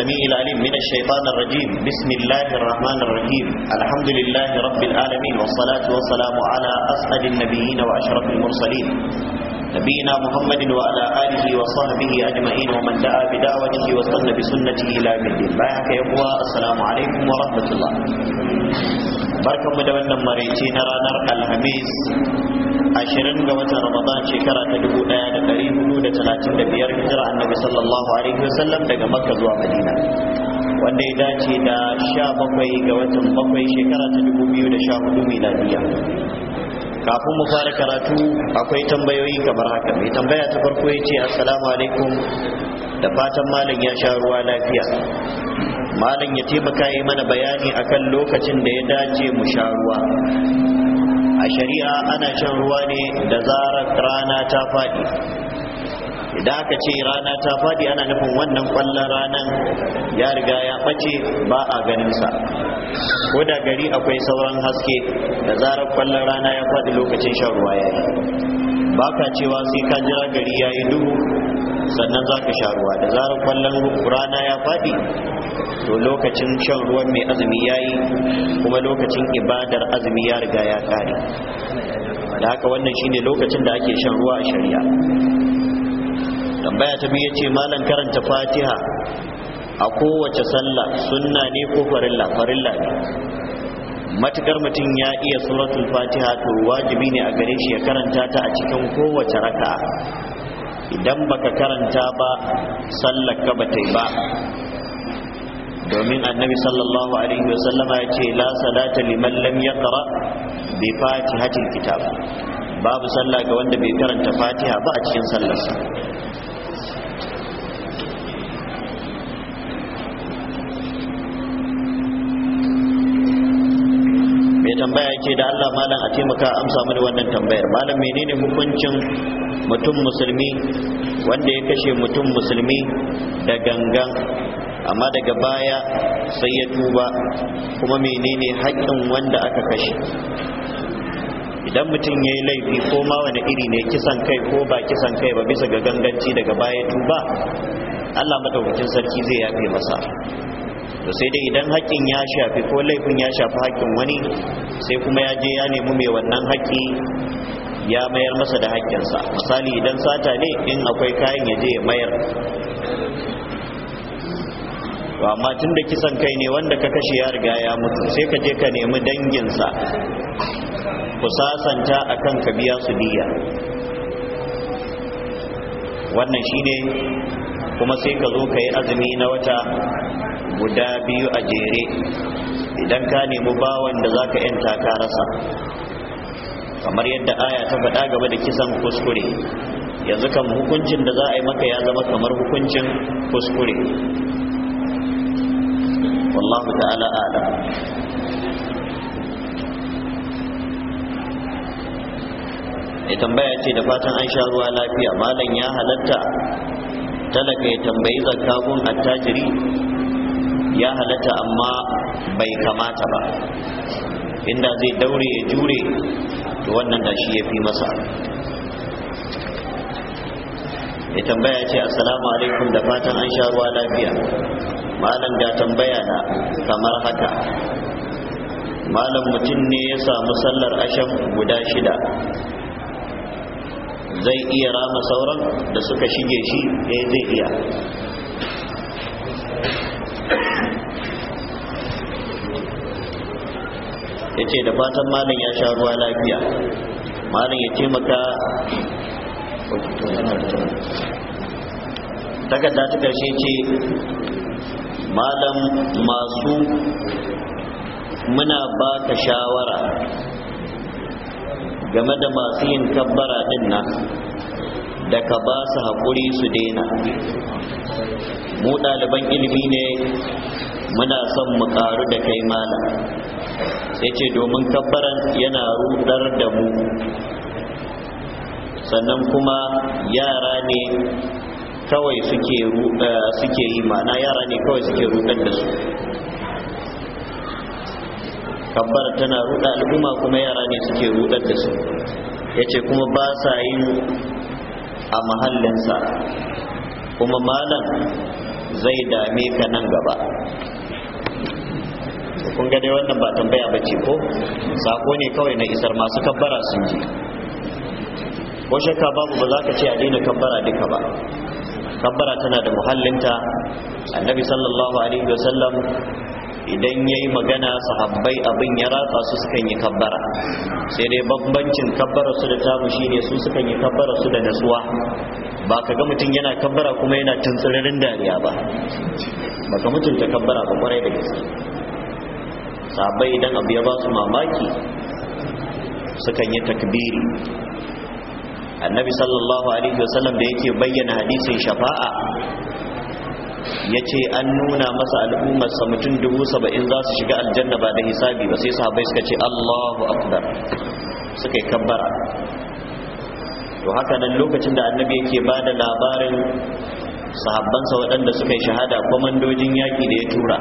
السميع العليم من الشيطان الرجيم بسم الله الرحمن الرحيم الحمد لله رب العالمين والصلاة والسلام على أسعد النبيين وأشرف المرسلين نبينا محمد وعلى آله وصحبه أجمعين ومن دعا بدعوته وصلنا بسنته إلى يوم الدين بارك يقوى السلام عليكم ورحمة الله بركة مدونة مريتين رانر الخميس ashirin ga watan ramadan shekara ta dubu ɗaya da ɗari hudu da talatin da biyar hijira annabi sallallahu alaihi wasallam daga makka zuwa madina wanda ya dace da sha bakwai ga watan bakwai shekara ta dubu biyu da sha hudu miladiya kafin mu fara karatu akwai tambayoyi kamar haka mai tambaya ta farko ya ce assalamu alaikum da fatan malam ya sha ruwa lafiya malam ya taimaka yi mana bayani akan lokacin da ya dace mu sha ruwa a shari'a ana shan ruwa ne da zarar rana ta faɗi idan aka ce rana ta faɗi ana nufin wannan kwallon ranan ya riga ya ɓace ba a ganinsa ko da gari akwai sauran haske da zarar kwallon rana ya faɗi lokacin shan ruwa ya yi ba ka cewa sai ka jira gari ya yi duhu sannan za ka sha ruwa da zarar kwallon rana ya faɗi to lokacin shan ruwan mai azumi ya yi kuma lokacin ibadar azumi ya riga ya kare da haka wannan shine lokacin da ake shan ruwa a shari'a tambaya ta biyu ce malam karanta fatiha a kowace sallah sunna ne ko farilla farilla ne matukar mutum ya iya suratul fatiha to wajibi ne a gare shi ya karanta ta a cikin kowace raka'a idan baka karanta ba sallaka ba ta ba domin annabi sallallahu alaihi wasallama ya ce la salata liman lam yaqra bi fatihatil kitab babu sallah ga wanda bai karanta fatiha ba a cikin sallarsa ce da Allah malam a taimaka amsa mini wannan tambayar malam menene hukuncin mutum musulmi wanda ya kashe mutum musulmi da gangan amma daga baya sai ya tuba kuma menene haƙƙin wanda aka kashe idan mutum ya yi laifi ko ma wani iri ne kisan kai ko ba kisan kai ba bisa ga ganganci daga baya tuba Allah madaukakin sarki zai yafe masa to sai dai idan haƙƙin ya shafi ko laifin ya shafi haƙƙin wani sai kuma ya je ya nemi mai wannan haƙƙi ya mayar masa da haƙƙinsa misali idan sata ne in akwai kayan ya je ya mayar amma tun da kisan kai ne wanda ka kashe ya riga ya mutu sai ka je ka nemi danginsa ku sasanta a kan ka biya su diya wannan shi ne kuma sai ka zo ka yi azumi na wata guda biyu a jere idan ka nemi bawan da za ka yanta ka rasa kamar yadda aya ta faɗa gaba da kisan kuskure yanzu kan hukuncin da za a yi maka ya zama kamar hukuncin kuskure wallahu ta'ala ala ya tambaya ce da fatan an sha ruwa lafiya malam ya halatta talaka ya tambayi zakagun attajiri ya halatta amma bai kamata ba inda zai daure ya jure to wannan da shi ya fi masa ya tambaya ce assalamu alaikum da fatan an sha ruwa lafiya malam da tambaya na kamar haka malam mutum ne ya samu sallar asham guda shida zai iya rama sauran da suka shige shi eh zai iya ya ce da fatan malam ya sha ruwa lafiya malam ya taimaka takarda ta karshe ce malam masu muna ba ka shawara game da masu yin tabbara din nan da ka ba su haƙuri su daina mu ɗaliban ilimi ne muna son mu karu da kai mala sai ce domin kafaran yana rudar da mu sannan kuma yara ne kawai suke eh, suke yi mana yara ne kawai suke rudar da su kabbar tana ruda al'umma kuma yara ne suke rudar da su yace kuma ba sa yin a mahallinsa kuma malam zai dame ka nan gaba kun ga dai wannan ba tambaya ba ce ko sako ne kawai na isar masu kabbara sun ji ko shakka babu ba za ka ce a daina kabbara duka ba kabbara tana da muhallinta annabi sallallahu alaihi wasallam idan ya yi magana sahabbai abin ya ratsa su sukan yi kabbara sai dai bambancin kabbara su da tamu shine su sukan yi kabbara su da natsuwa ba ka ga mutum yana kabbara kuma yana tuntsiririn dariya ba ba ka mutunta kabbara ba kwarai da gaske sahabai idan abu ya ba su mamaki sukan yi takbiri annabi sallallahu alaihi wasallam da yake bayyana hadisin shafa'a yace an nuna masa sa mutum dubu saba'in za su shiga aljanna ba da hisabi ba sai sahabai suka ce allahu akbar suka yi kabbara to haka nan lokacin da annabi yake ba da labarin sahabbansa waɗanda suka yi shahada kwamandojin yaƙi da ya tura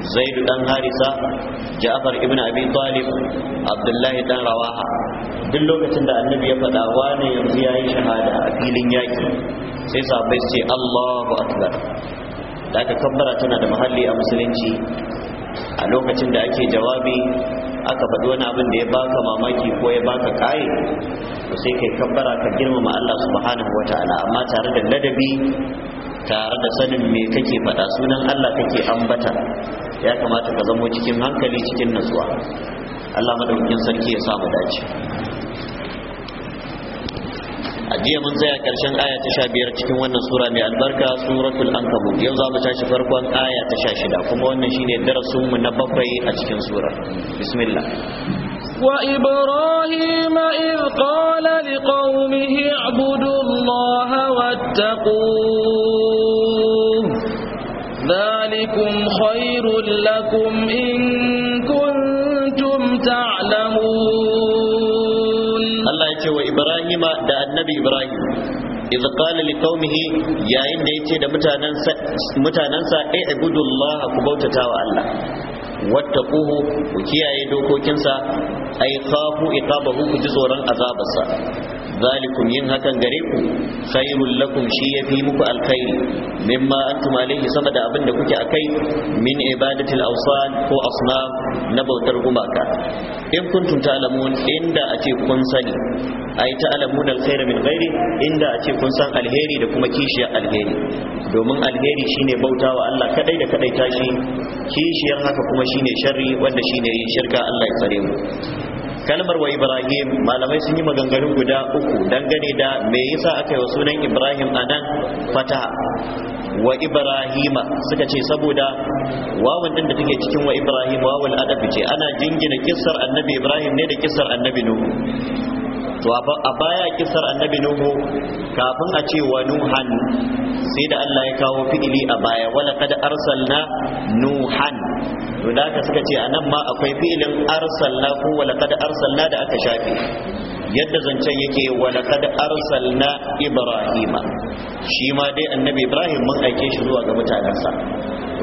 زيد بن Harisa, جعفر ابن أبي طالب عبد الله بن رواحة duk lokacin da annabi ya faɗawa ne yanzu ya yi shahada a filin yaki sai sahabbai su ce Allahu akbar da aka kabbara tana da muhalli a musulunci a lokacin da ake jawabi aka faɗi wani abin da ya baka mamaki ko ya baka kaye to sai kai kabbara ka girmama Allah subhanahu wataala amma tare da ladabi tare da sanin me kake faɗa sunan Allah kake ambata ya kamata ka zamo cikin hankali cikin natsuwa Allah madaukakin sarki ya samu dace a jiya mun tsaya karshen aya ta sha biyar cikin wannan sura mai albarka suratul ankabut yau za mu tashi farkon aya ta sha shida kuma wannan shine darasin mu na bakwai a cikin sura bismillah wa ibrahim idh qala liqaumihi ibudu allaha لكم إن كنتم تعلمون الله يتوى إبراهيم دا النبي إبراهيم إذ قال لقومه يا إن يتي دا متاننسا اعبدوا الله كبوتة الله واتقوه وكي kiyaye كوكنسا أي خافوا إقابه ku ji tsoron azabarsa zalikum yin khairul lakum shi fi muku alkhairi mimma antum alayhi sama da abin da kuke akai min ibadatil awsan ko asnam na bautar gumaka in kuntum ta'lamun inda a ce kun sani ai ta'lamun alkhaira min ghairi inda a ce kun san alheri da kuma kishiya alheri domin alheri shine bautawa Allah kadai da kadai tashi kishiyar haka kuma shine sharri wanda shine ne shirka Allah ya tsare mu kalmar wa ibrahim malamai sun yi maganganu guda uku dangane da me yasa aka yi sunan ibrahim a nan fataha wa ibrahima suka ce saboda wawan din da take cikin wa ibrahim wawul adabi ce ana jingina kissar annabi ibrahim ne da kissar annabi nuhu to a baya kissar annabi nuhu kafin a ce wa nuhan sai da Allah ya kawo fi'ili a baya wala kada arsalna nuhan to da suka ce a nan ma akwai fi'ilin arsalna ko walaqad arsalna da aka shafe yadda zancen yake walaqad arsalna ibrahima shi ma dai annabi ibrahim mun aike shi zuwa ga mutanensa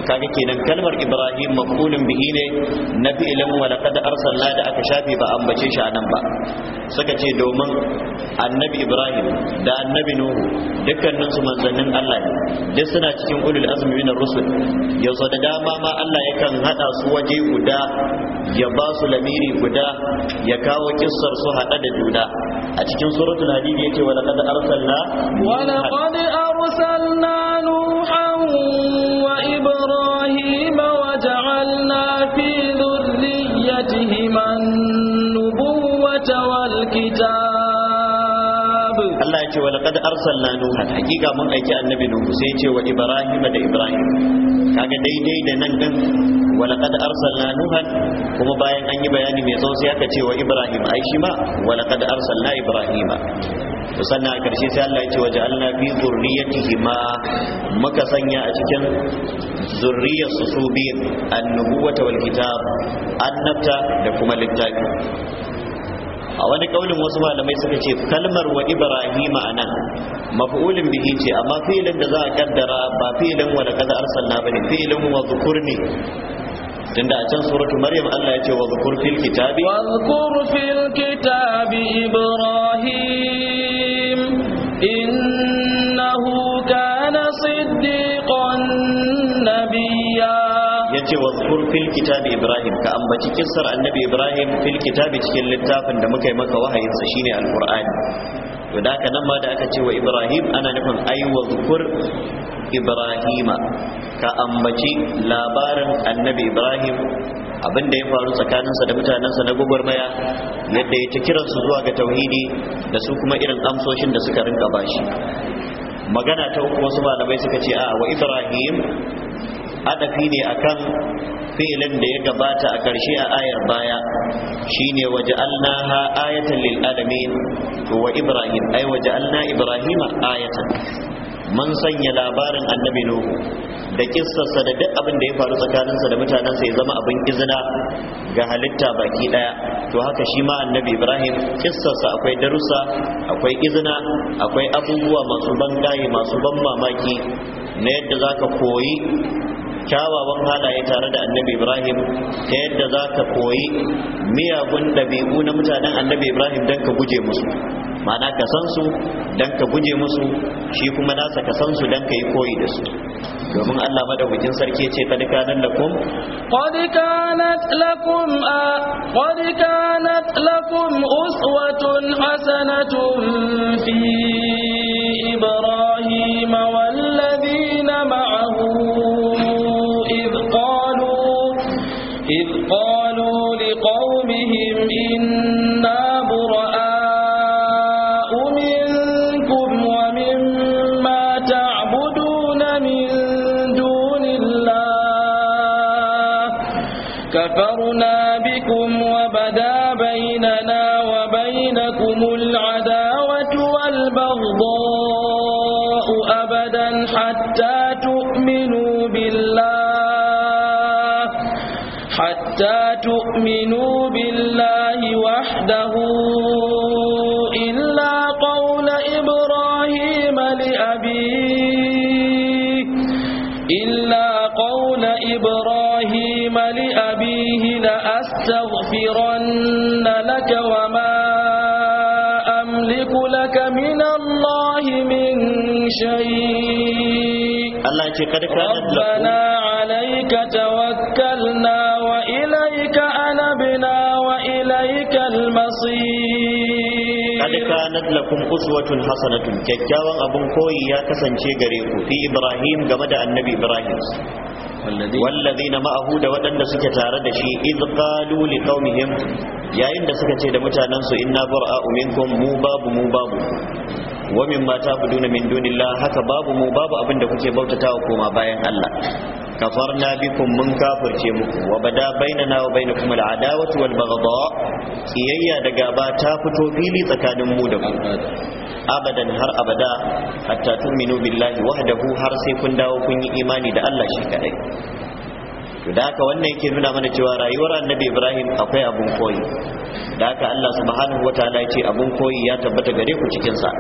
kaga kenan kalmar ibrahim maqulun bihi ne na fi'ilin wa laqad arsalna da aka shafi ba ambace shi anan ba suka ce domin annabi ibrahim da annabi nuhu dukkanin su manzannin Allah ne duk suna cikin ulul azmi min rusul yanzu da dama ma Allah yakan hada su waje guda ya ba su lamiri guda ya kawo kissar su hada da juna a cikin suratul hadid yake wa laqad arsalna wa laqad arsalna nuhan Allah ya ce wa laqad arsalna nuha hakika mun aiki annabi nuhu sai ce wa ibrahim da ibrahim kaga daidai da nan din wa laqad arsalna nuha kuma bayan an yi bayani mai tsawo sai aka ce wa ibrahim ai shi ma wa laqad arsalna ibrahima to sannan a karshe sai Allah ya ce wa ja'alna fi zurriyatihi ma muka sanya a cikin zurriyar su su biyu annubuwata wal kitab annabta da kuma littafi a wani kaulin wasu malamai suka ce kalmar wa Ibrahim anan maf'ulin bihi ce amma fi'ilin da za a kaddara ba fi'ilin wa laqad arsalna bane filin wa zukurni tunda a can suratu maryam Allah ya ce wa zukur fil kitabi wa zukur fil kitabi ibrahim in yace wazkur fil kitabi ibrahim ka ambaci kissar annabi ibrahim fil kitabi cikin littafin da muka yi maka wahayin sa shine alqur'ani to da nan ma da aka ce wa ibrahim ana nufin ai wazkur ibrahima ka ambaci labarin annabi ibrahim abin da ya faru tsakaninsa da mutanensa na gwagwarmaya yadda ya ta kiransu zuwa ga tauhidi da su kuma irin amsoshin da suka rinka bashi magana ta uku wasu malamai suka ce a wa ibrahim adafi ne akan fi'ilin da ya gabata a ƙarshe a ayar baya shine waje ha ayatan lil alamin wa ibrahim ai waje alna ibrahima ayatan mun sanya labarin annabi nuhu da kissarsa da duk abin da ya faru tsakaninsa da mutanensa ya zama abin izina ga halitta baki daya to haka shi ma annabi ibrahim kissarsa akwai darussa akwai izina akwai abubuwa masu ban bangaye masu ban mamaki na yadda zaka koyi kyawawan halaye tare da annabi ibrahim ta yadda za ka koyi miyagun ɗabi'u na mutanen annabi ibrahim don ka guje musu ma'ana ka san su don ka guje musu shi kuma nasa ka san su don ka yi koyi da su domin allah madaukakin sarki ce ta kanan lakum da kanat lakum a qad kanat lakum uswatun hasanatun fi حتى تؤمنوا بالله وحده إلا قول إبراهيم لأبيه إلا قول إبراهيم لأبيه لأستغفرن لك وما أملك لك من الله من شيء ربنا عليك إليك المصير قد كانت لكم أسوة حسنة كجاوا أبن كوي يا كسن شيغريكو في إبراهيم جمد النبي إبراهيم والذين معه da waɗanda suke tare da shi iz qalu li qaumihim yayin da suka ce da mutanen su inna bara'u minkum mu babu mu babu wa mimma ta'buduna min dunillah haka babu mu babu kuke bautatawa koma bayan Allah kafarna bikum mun kafirce muku wa bada bainana wa bainakum al'adawatu wal baghdha kiyayya da gaba ta fito fili tsakanin mu da ku abadan har abada hatta tu'minu billahi wahdahu har sai kun dawo kun yi imani da Allah shi kadai da haka wannan yake nuna mana cewa rayuwar annabi ibrahim akwai abun koyi da haka allah subhanahu wa ta'ala ce abun koyi ya tabbata gare ku cikin to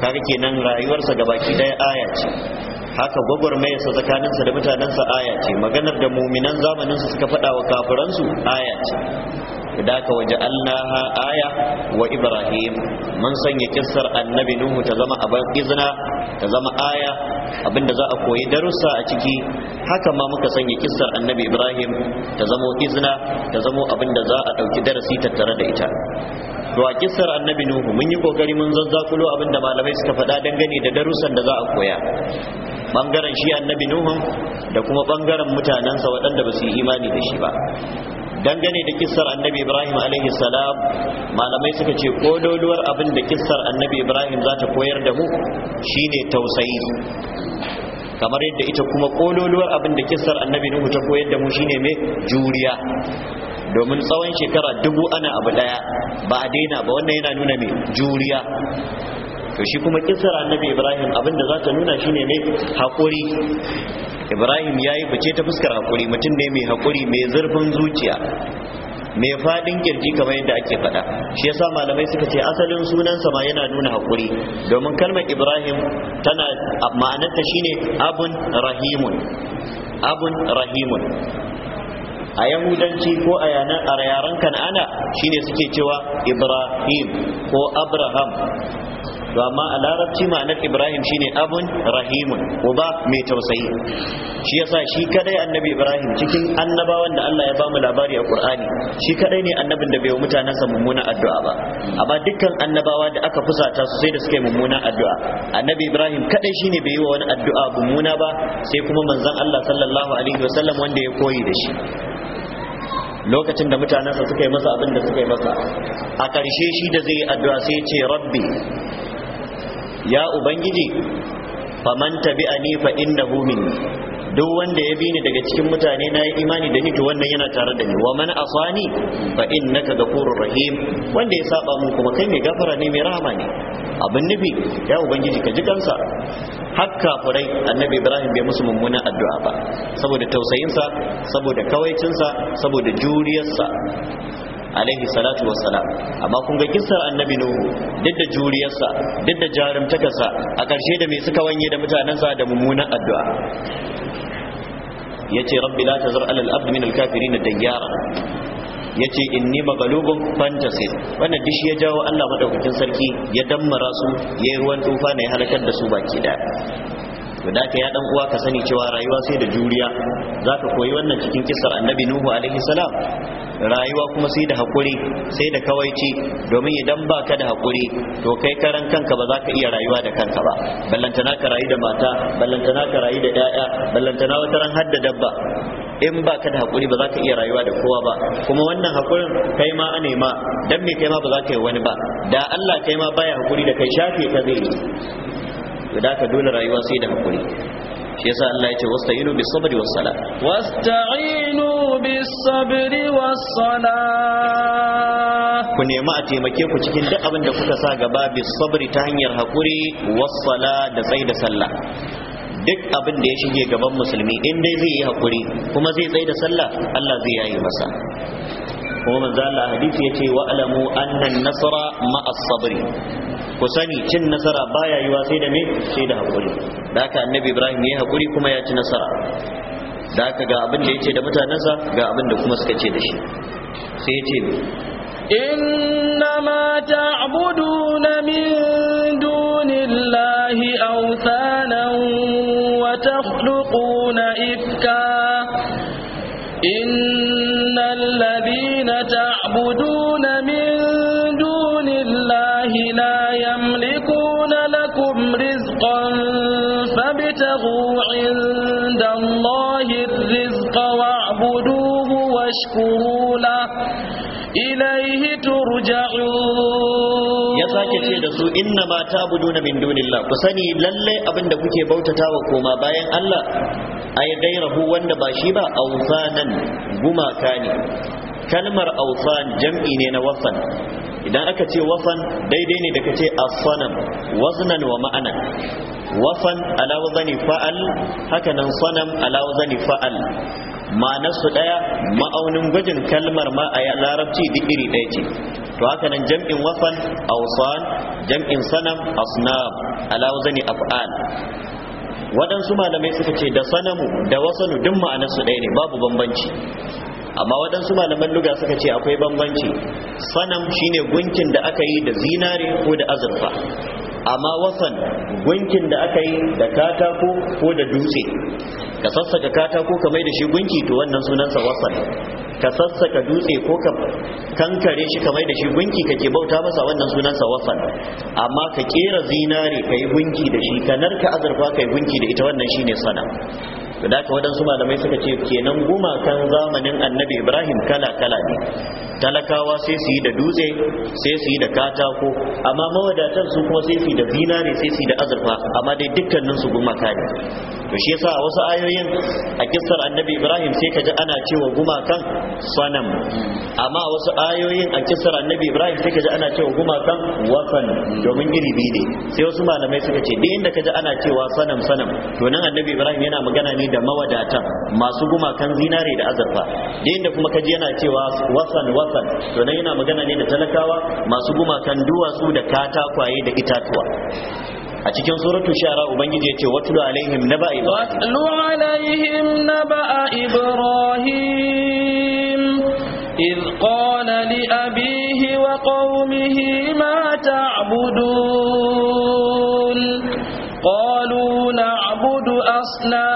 kaga kenan rayuwarsa gabaki daya aya ce haka gwagwarmaya sa tsakaninsa da mutanensa aya ce maganar da muminan zamaninsu suka faɗa wa kafiransu aya ce da ka waje allaha aya wa ibrahim mun sanya kissar annabi nuhu ta zama abin izina ta zama aya abinda za a koyi darussa a ciki haka ma muka sanya kissar annabi ibrahim ta zamo izina ta zamo abinda za a ɗauki darasi tattare da ita to a kissar annabi nuhu mun yi kokari mun zazzakulo abinda malamai suka faɗa dangane da darussan da za a koya bangaren shi annabi nuhun da kuma bangaren mutanensa waɗanda ba su yi imani da shi ba dangane da kissar annabi ibrahim alaihi salam malamai suka ce ko kololuwar abin da kissar annabi ibrahim za ta koyar da mu shine tausayi kamar yadda ita kuma kololuwar abin da kissar annabi nuhu ta koyar da mu shine mai juriya domin tsawon shekara dubu ana abu daya ba a daina ba wannan yana nuna mai juriya to shi kuma kisar annabi ibrahim abinda za ta nuna shine mai haƙuri ibrahim ya yi bace ta fuskar haƙuri mutum ne mai haƙuri mai zurfin zuciya mai faɗin kirji kamar yadda ake faɗa shi yasa malamai suka ce asalin sunansa ma yana nuna haƙuri domin kalmar ibrahim tana ma'anarta shine abun rahimun abun rahimun a yahudanci ko a yaren kan'ana shine suke cewa ibrahim ko abraham to amma a larabci ma'anar ibrahim shine abun rahimun uba mai tausayi shi yasa shi kadai annabi ibrahim cikin annabawan da Allah ya bamu labari a qur'ani shi kadai ne annabin da bai mutanen sa mummuna addu'a ba amma dukkan annabawa da aka fusata su sai da suka yi mummuna addu'a annabi ibrahim kadai shine bai yi wa wani addu'a mummuna ba sai kuma manzon Allah sallallahu alaihi wasallam wanda ya koyi da shi lokacin da mutanensa suka yi masa abin da suka yi masa a ƙarshe shi da zai yi addu'a sai ce rabbi ya ubangiji faman tabi'ani fa innahu minni duk wanda ya bi ni daga cikin mutane na yi imani da ni to wannan yana tare da ni wa man asani fa innaka ghafurur rahim wanda ya saba mun kuma kai mai gafara ne mai rahama ne abin nufi ya ubangiji ka ji kansa hakka furai annabi ibrahim bai musu mummuna addu'a ba saboda tausayinsa saboda kawaicinsa saboda juriyarsa alaihi salatu wa salam amma kun ga kissar annabi nuhu duk da juriyarsa duk da jarumtakarsa a ƙarshe da mai suka wanye da mutanensa da mummunan addu'a yace rabbi la tazar alal abd min al kafirin dayyara yace inni maghlubun fantasir wannan dishi ya jawo Allah madaukakin sarki ya dammara su yayin ruwan tufa ne halakar da su baki daya to da ka ya dan uwa ka sani cewa rayuwa sai da juriya za ka koyi wannan cikin kisar annabi nuhu alaihi salam rayuwa kuma sai da hakuri sai da kawaici domin idan ba ka da hakuri to kai karan kanka ba za ka iya rayuwa da kanka ba ballantana ka rayu da mata ballantana ka rayu da 'ya'ya ballantana wata ran har da dabba in ba ka da hakuri ba za ka iya rayuwa da kowa ba kuma wannan hakurin kai ma a nema dan me kai ma ba za ka yi wani ba da Allah kai ma baya hakuri da kai shafe ka zai da ka dole rayuwa sai da hakuri shi yasa Allah ya ce wasta'inu bis sabri was sala wasta'inu bis sabri was sala ku nemi a taimake ku cikin duk abin da kuka sa gaba bis sabri ta hanyar hakuri was sala da sai da sallah duk abin da ya shige gaban musulmi in dai zai yi hakuri kuma zai tsaye da sallah Allah zai yayi masa kuma manzo Allah hadisi yace wa alamu annan nasra ma'a sabri ku sani cin nasara baya yiwa sai da me sai da hakuri da haka annabi ibrahim ya hakuri kuma ya ci nasara da haka ga abin da ya ce da mutanensa ga abin da kuma suka ce da shi sai ya ce ma تعبدون min su inna ma ta'buduna min dunillah ku sani abin abinda kuke bautatawa koma bayan Allah ay gairahu wanda ba shi ba awsanan gumaka ne kalmar awsan jam'i ne na wafan. idan aka ce wafan daidai ne da kace as-sanam waznan wa ma'anan Wafan ala fa'al haka nan sanam ala fa'al ma'anar ma'anarsu daya ma'aunin gwajin kalmar ma a larabci duk iri daya ce to haka nan jam'in wasan awsan jam'in sanam asnam ala wazani af'al waɗansu malamai suka ce da sanamu da wasanu duk ma'anarsu ɗaya ne babu bambanci amma waɗansu malaman luga suka ce akwai bambanci sanam shine gunkin da aka yi da zinare ko da azurfa amma wasan gunkin da aka yi da katako ko da dutse ka sassaka katako ka mai da shi gunki to wannan sunansa wasan ka sassaka dutse ko ka kankare shi ka mai da shi gunki kake bauta masa wannan sunansa wasan amma ka kera zinare ka yi gunki da shi ka narka azurfa ka yi gunki da ita wannan shine sana da haka waɗansu malamai suka ce kenan gumakan zamanin annabi ibrahim kala kala ne talakawa sai su yi da dutse sai su yi da katako amma mawadatan su kuma sai su yi da zinare sai su yi da azurfa amma dai dukkanin su gumaka ne to shi yasa wasu ayoyin a kissar annabi ibrahim sai kaji ana cewa gumakan sanam amma wasu ayoyin a kissar annabi ibrahim sai kaji ana cewa gumakan wasan domin iri biyu ne sai wasu malamai suka ce duk inda kaji ana cewa sanam sanam to nan annabi ibrahim yana magana ne da mawadatan masu gumakan zinare da azurfa duk inda kuma kaji yana cewa wasan wasan mukhafafan to nan yana magana ne da talakawa masu gumakan duwatsu da katakwaye da itatuwa a cikin suratul shara ubangiji ya ce watlu alaihim naba ibrahim watlu alaihim naba ibrahim إذ قال لأبيه وقومه ما تعبدون قالوا نعبد أصنام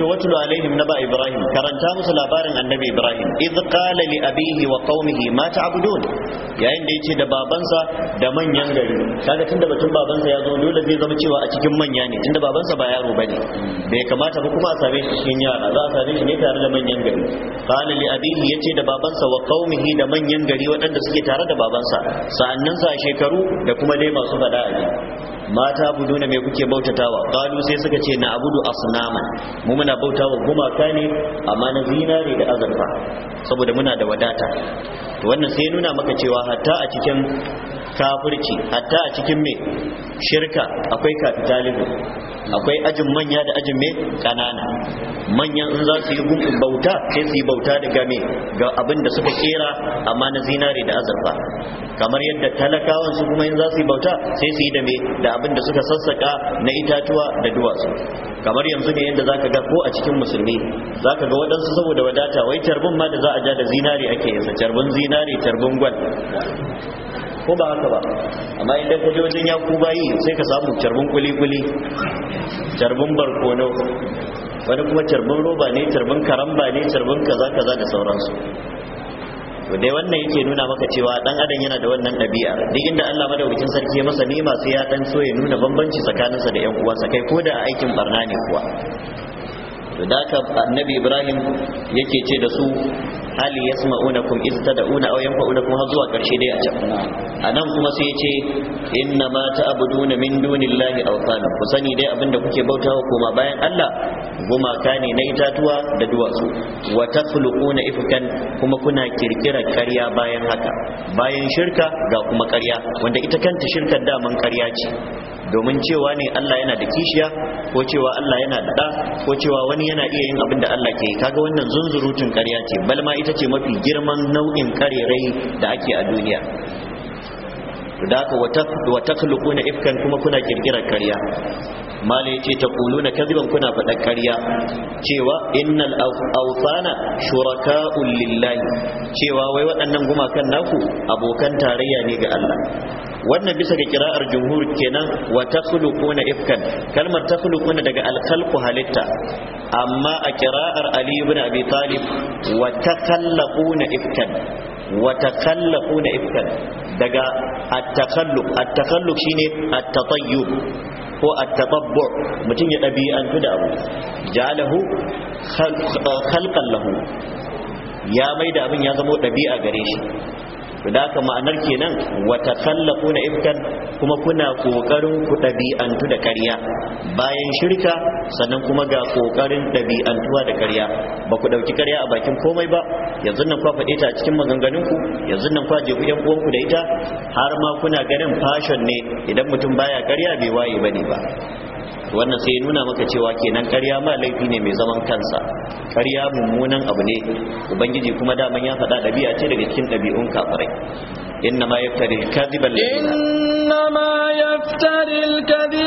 ce watulu alaihim naba ibrahim karanta musu labarin annabi ibrahim id qala li abihi wa qaumihi ma ta'budun yayin da yace da babansa da manyan gari kaga tunda batun babansa ya zo dole zai zama cewa a cikin manya ne tunda babansa ba yaro bane bai kamata ba kuma a same shi cikin yara za a same shi ne tare da manyan gari qala li abihi yace da babansa wa qaumihi da manyan gari waɗanda suke tare da babansa sa'annan sa shekaru da kuma dai masu fada a mata budu ne me kuke bautatawa qalu sai suka ce na abudu asnaman mu muna bautawa gumaka ne amma na zinare da azurfa saboda muna da wadata to wannan sai nuna maka cewa hatta a cikin kafirci hatta a cikin me shirka akwai kafitalibu, akwai ajin manya da ajin me kanana manyan in za su yi bauta sai su yi bauta da game ga abin da suka kera amma na zinare da azurfa kamar yadda talakawan su kuma in za su yi bauta sai su yi da me da abin da suka sassaka na itatuwa da duwatsu kamar yanzu ne yadda zaka ga ko a cikin musulmi zaka ga waɗansu saboda wadata wai tarbin ma da za a ja da zinare ake yasa tarbin zinare tarbin gwal ko ba haka ba amma idan ka je wajen yaku bayi sai ka samu carbin kuli-kuli barkono wani kuma carbin roba ne carbin karamba ne carbin kaza-kaza da sauransu dai wannan yake nuna maka cewa dan adam yana da wannan ɗabi'a duk inda Allah madaukakin sarki ya masa nema sai ya dan so ya nuna bambanci tsakaninsa da ƴan uwansa kai ko da aikin barna ne kuwa da annabi ibrahim yake ce da su hali yasma'unakum istada'una aw yanfa'unakum har zuwa karshe dai a can anan kuma sai yace inna ma ta'buduna min dunillahi awthan ku sani dai abinda kuke bautawa koma bayan Allah gumaka ne na itatuwa da duwatsu wa takhluquna ifkan kuma kuna kirkirar ƙarya bayan haka bayan shirka ga kuma ƙarya wanda ita kanta shirkar daman ƙarya ce domin cewa ne Allah yana da kishiya ko cewa Allah yana da ɗa ko cewa wani yana iya yin abin da Allah ke kaga wannan zunzurutun ƙarya ce balma ita ce mafi girman nau'in ƙarerai da ake a duniya da haka wa takhluquna ifkan kuma kuna kirkirar ƙarya mala yace na kadhiban kuna faɗa ƙarya cewa innal awsana shuraka'un lillahi cewa wai waɗannan gumakan naku abokan tarayya ne ga Allah wannan bisa ga kira'ar jumhur kenan wa takhluquna ifkan kalmar takhluquna daga alkhalqu halitta amma a kira'ar ali ibn abi talib wa takhallaquna ifkan wa takhallaquna ifkan daga at-takhalluq at-takhalluq shine at-tatayyub ko a tatabbu mutum ya dabi'antu da abu jalahu khalqan lahu ya maida abin ya zama dabi'a gare shi da aka ma'anar kenan wata na ifkan kuma kuna kokarin ku ɗabi'antu da ƙarya bayan shirka sannan kuma ga kokarin ɗabi'antuwa da ƙarya ba ku ɗauki ƙarya a bakin komai ba yanzu nan kwa faɗe ta cikin maganganun ku yanzu nan kwa je ku yan uwanku da ita har ma kuna ganin fashon ne idan mutum baya ƙarya bai waye bane ba wannan sai nuna maka cewa kenan ƙarya ma laifi ne mai zaman kansa ƙarya mummunan abu ne ubangiji kuma daman ya faɗa ɗabi'a ce daga cikin ɗabi'un kafirai inna ma yaftari inna ma yaftari